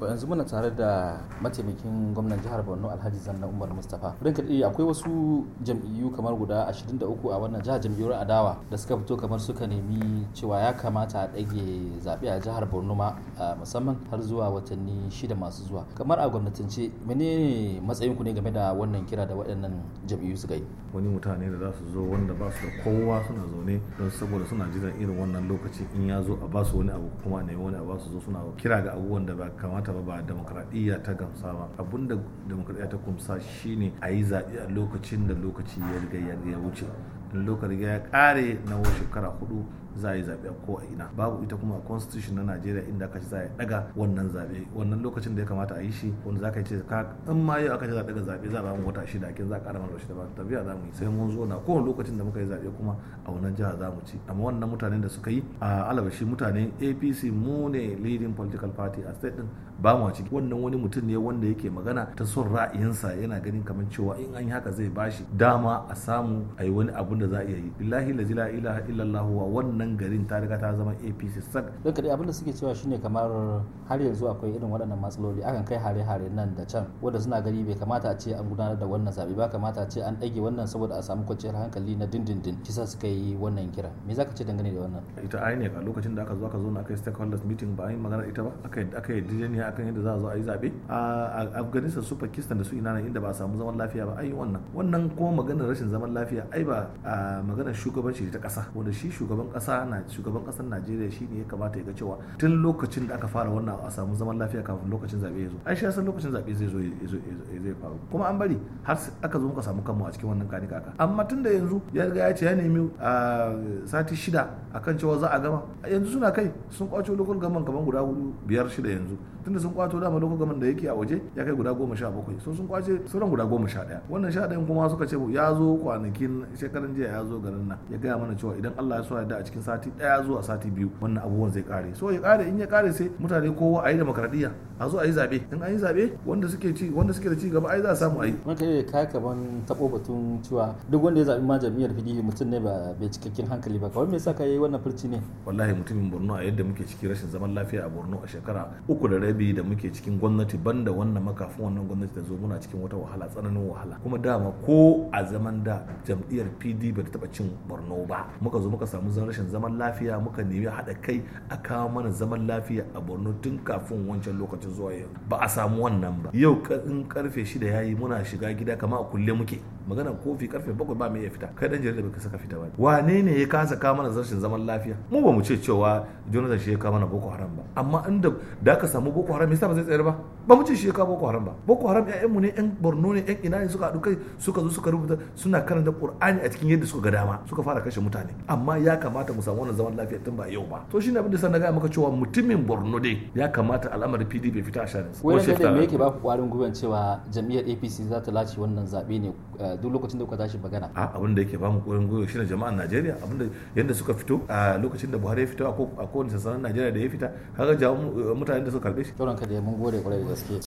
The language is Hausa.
ba yanzu muna tare da mataimakin gwamnan jihar borno alhaji zanna umar mustapha ranka kaɗi akwai wasu jam'iyyu kamar guda 23 a wannan jihar jam'iyyar adawa da suka fito kamar suka nemi cewa ya kamata a ɗage zaɓe a jihar borno ma musamman har zuwa watanni shida masu zuwa kamar a gwamnatance menene matsayin ku ne game da wannan kira da waɗannan jam'iyyu suka yi wani mutane da za su zo wanda ba su da kowa suna zaune don saboda suna jiran irin wannan lokaci in ya zo a ba su wani abu kuma ne wani a ba su zo suna kira ga abubuwan da ba kamata gamsanta ba ba demokradiyya ta gamsa ba da demokradiyya ta kumsa shine a yi zaɓe a lokacin da lokaci ya riga ya wuce in lokar ya kare na shekara hudu za a yi zaɓe ko a ina babu ita kuma a constitution na najeriya inda aka ce za a daga wannan zaɓe wannan lokacin da ya kamata a yi shi wanda za ka ce ka in ma yau aka ce za a daga zaɓe za a bamu wata shida kin za a kara mana shida ba tafiya za mu yi sai mun zo na kowane lokacin da muka yi zaɓe kuma a wannan jiha za mu ci amma wannan mutanen da suka yi a alabashi mutanen apc mu ne leading political party a state din ba mu ciki wannan wani mutum ne wanda yake magana ta son ra'ayinsa yana ganin kamar cewa in an yi haka zai bashi dama a samu a yi wani abun da za a iya yi billahi la ilaha illallah wa wannan garin ta riga ta zama APC sak da dai abinda suke cewa shine kamar har yanzu akwai irin waɗannan matsaloli akan kai hare-hare nan da can wanda suna gani bai kamata a ce an gudanar da wannan zabe ba kamata a ce an dage wannan saboda a samu kwanciyar hankali na dindindin kisa suka yi wannan kira me zaka ce dangane da wannan ita ne a lokacin da aka zo aka zo na aka yi stakeholders meeting ba a yi magana ita ba aka aka yi dijiniya akan yadda za a zo a yi zabe a Afghanistan su Pakistan da su ina inda ba a samu zaman lafiya ba ai wannan wannan kuma maganar rashin zaman lafiya ai ba a maganar shugabanci ta kasa wanda shi shugaban kasa na shugaban kasar Najeriya shi ne ya kamata ya ga cewa tun lokacin da aka fara wannan a samu zaman lafiya kafin lokacin zabe ya zo ai shi san lokacin zabe zai zo zai faru kuma an bari har aka zo muka samu kanmu a cikin wannan kani kaka amma tun da yanzu ya riga ya ce ya nemi a sati shida akan cewa za a gama yanzu suna kai sun kwaco lokacin gaman kaman guda hudu biyar shida yanzu tunda sun kwato dama lokacin gaman da yake a waje ya kai guda goma sha bakwai so sun kwace sauran guda goma sha daya wannan sha ɗayan kuma suka ce ya zo kwanakin shekaran jiya ya zo garin nan ya gaya mana cewa idan Allah ya so yadda a cikin sati daya zuwa sati biyu wannan abubuwan zai kare so ya kare in ya kare sai mutane kowa a yi demokradiyya a zo a yi zabe in an yi zabe wanda suke ci wanda suke da ci gaba ai za a samu ai maka kai ka kaban tabo batun cewa duk wanda ya zabi ma jami'ar PD mutum ne ba bai cikakken hankali ba kawai me yasa ka yi wannan furci ne wallahi mutumin Borno a yadda muke ciki rashin zaman lafiya a Borno a shekara uku da rabi da muke cikin gwamnati banda wannan makafin wannan gwamnati da zo muna cikin wata wahala tsananin wahala kuma dama ko a zaman da jam'iyyar PDP bai taɓa cin borno ba muka zo muka samu rashin zaman lafiya muka nemi haɗa kai a kawo mana zaman lafiya a borno tun kafin wancan lokacin zuwa yau ba a samu wannan ba yau in karfe shida yayi muna shiga gida kama a kulle muke magana kofi karfe bakwai ba mai ya fita kai dan jarida bai saka fita ba wane ne ya kasa kawo mana zarshen zaman lafiya mu ba mu ce cewa jonathan shi ya kawo mana boko haram ba amma inda da aka samu boko haram yasa ba zai tsayar ba ba mu ce shi ya kawo boko haram ba boko haram ƴaƴanmu ne ƴan borno ne ƴan ina ne suka haɗu kai suka zo suka rubuta suna karanta qur'ani a cikin yadda suka ga dama suka fara kashe mutane amma ya kamata mu samu wannan zaman lafiya tun ba yau ba to shine abin da san ga maka cewa mutumin borno dai ya kamata al'amarin pd bai fita a sharinsa. wani da me yake ba ku kwarin gwiwa cewa jam'iyyar apc za ta lace wannan zaɓe ne eh, duk lokacin da kuka tashi magana a abin da yake ba mu koyon goyo shine jama'an Najeriya abin da yanda suka fito a lokacin da Buhari ya fito a kowane sassan Najeriya da ya fita kaga jawo eh, mutanen da suka karbe shi ka da mun gode kwarai da gaske